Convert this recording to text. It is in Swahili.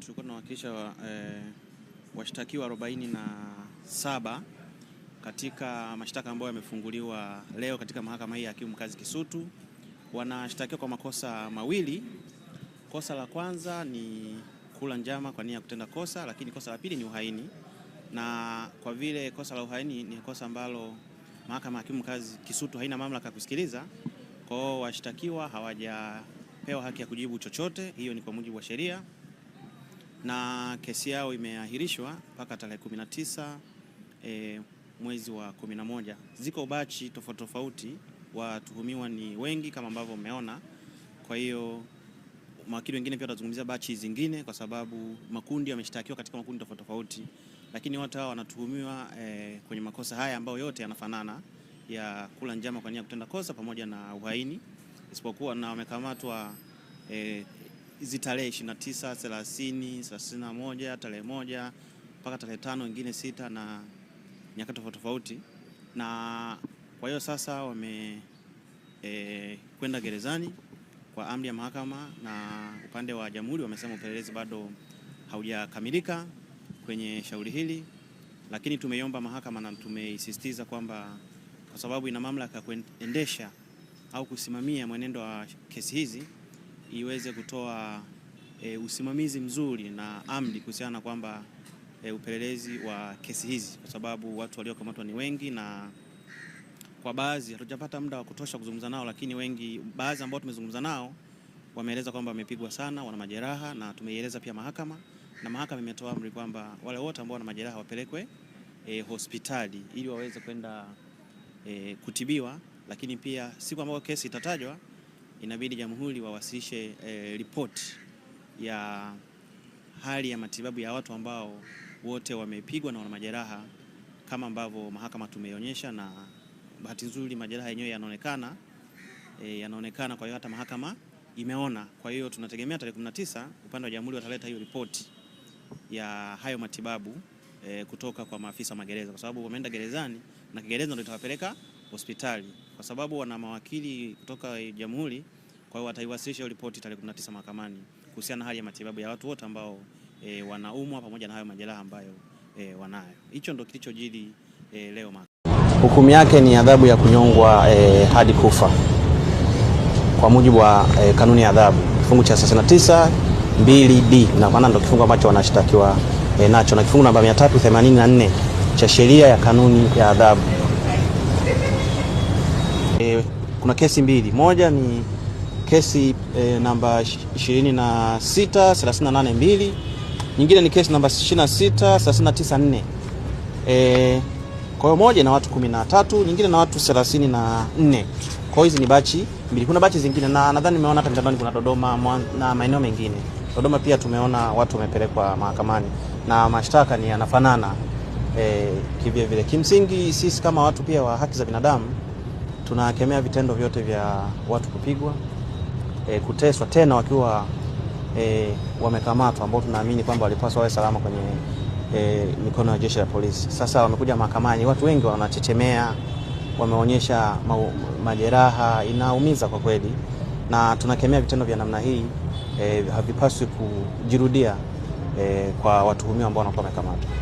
Tulikuwa tunawakilisha wa, eh, washtakiwa 47 katika mashtaka ambayo yamefunguliwa leo katika mahakama hii ya hakimu mkazi Kisutu. Wanashtakiwa kwa makosa mawili. Kosa la kwanza ni kula njama kwa nia ya kutenda kosa, lakini kosa la pili ni uhaini, na kwa vile kosa la uhaini ni kosa ambalo mahakama ya hakimu mkazi Kisutu haina mamlaka ya kusikiliza, kwao washtakiwa hawajapewa haki ya kujibu chochote. Hiyo ni kwa mujibu wa sheria na kesi yao imeahirishwa mpaka tarehe 19 e, eh, mwezi wa 11. Ziko bachi tofauti tofauti, watuhumiwa ni wengi kama ambavyo umeona. Kwa hiyo mawakili wengine pia watazungumzia bachi zingine, kwa sababu makundi yameshtakiwa katika makundi tofauti tofauti, lakini wote hao wanatuhumiwa e, kwenye makosa haya ambayo yote yanafanana ya kula njama kwa nia kutenda kosa pamoja na uhaini, isipokuwa na wamekamatwa e, hizi tarehe 29, 30, moja tarehe moja mpaka tarehe tano, wengine sita na nyakati tofauti tofauti, na kwa hiyo sasa wame e, kwenda gerezani kwa amri ya mahakama, na upande wa jamhuri wamesema upelelezi bado haujakamilika kwenye shauri hili, lakini tumeiomba mahakama na tumeisisitiza kwamba kwa sababu ina mamlaka ya kuendesha au kusimamia mwenendo wa kesi hizi iweze kutoa e, usimamizi mzuri na amri kuhusiana kwamba e, upelelezi wa kesi hizi, kwa sababu watu waliokamatwa ni wengi na kwa baadhi hatujapata muda wa kutosha kuzungumza nao, lakini wengi, baadhi ambao tumezungumza nao wameeleza kwamba wamepigwa sana, wana majeraha, na tumeieleza pia mahakama na mahakama imetoa amri kwamba wale wote ambao wana majeraha wapelekwe e, hospitali ili waweze kwenda e, kutibiwa, lakini pia siku ambayo kesi itatajwa inabidi jamhuri wawasilishe e, eh, ripoti ya hali ya matibabu ya watu ambao wote wamepigwa na wana majeraha kama ambavyo mahakama tumeonyesha, na bahati nzuri majeraha yenyewe yanaonekana e, yanaonekana. Kwa hiyo hata mahakama imeona. Kwa hiyo tunategemea tarehe 19 upande wa jamhuri wataleta hiyo ripoti ya hayo matibabu e, kutoka kwa maafisa wa magereza, kwa sababu wameenda gerezani na kigereza ndio itawapeleka hospitali, kwa sababu wana mawakili kutoka jamhuri. Kwa hiyo wataiwasilisha ripoti tarehe 19 mahakamani kuhusiana na hali ya matibabu ya watu wote ambao e, wanaumwa pamoja na hayo majeraha ambayo e, wanayo. Hicho ndo kilichojiri e, leo. Hukumu yake ni adhabu ya kunyongwa e, hadi kufa kwa mujibu wa e, kanuni ya adhabu kifungu cha 39 2 b na maana ndo kifungu ambacho wanashtakiwa e, nacho na kifungu namba 384 cha sheria ya kanuni ya adhabu. Eh, kuna kesi mbili, moja ni kesi e, namba 26 mbili, nyingine ni kesi namba 26 E, eh, kwa hiyo moja na watu 13, nyingine na watu 34. Kwa hiyo hizi ni bachi mbili. Kuna bachi zingine na nadhani nimeona hata mtandaoni kuna Dodoma na maeneo mengine. Dodoma pia tumeona watu wamepelekwa mahakamani na mashtaka ni yanafanana. E, kivile vile kimsingi sisi kama watu pia wa haki za binadamu tunakemea vitendo vyote vya watu kupigwa, e, kuteswa tena wakiwa e, wamekamatwa, ambao tunaamini kwamba walipaswa wawe salama kwenye e, mikono ya jeshi la polisi. Sasa wamekuja mahakamani, watu wengi wanachechemea, wameonyesha ma, majeraha, inaumiza kwa kweli, na tunakemea vitendo vya namna hii e, havipaswi kujirudia e, kwa watuhumiwa ambao wanakuwa wamekamatwa.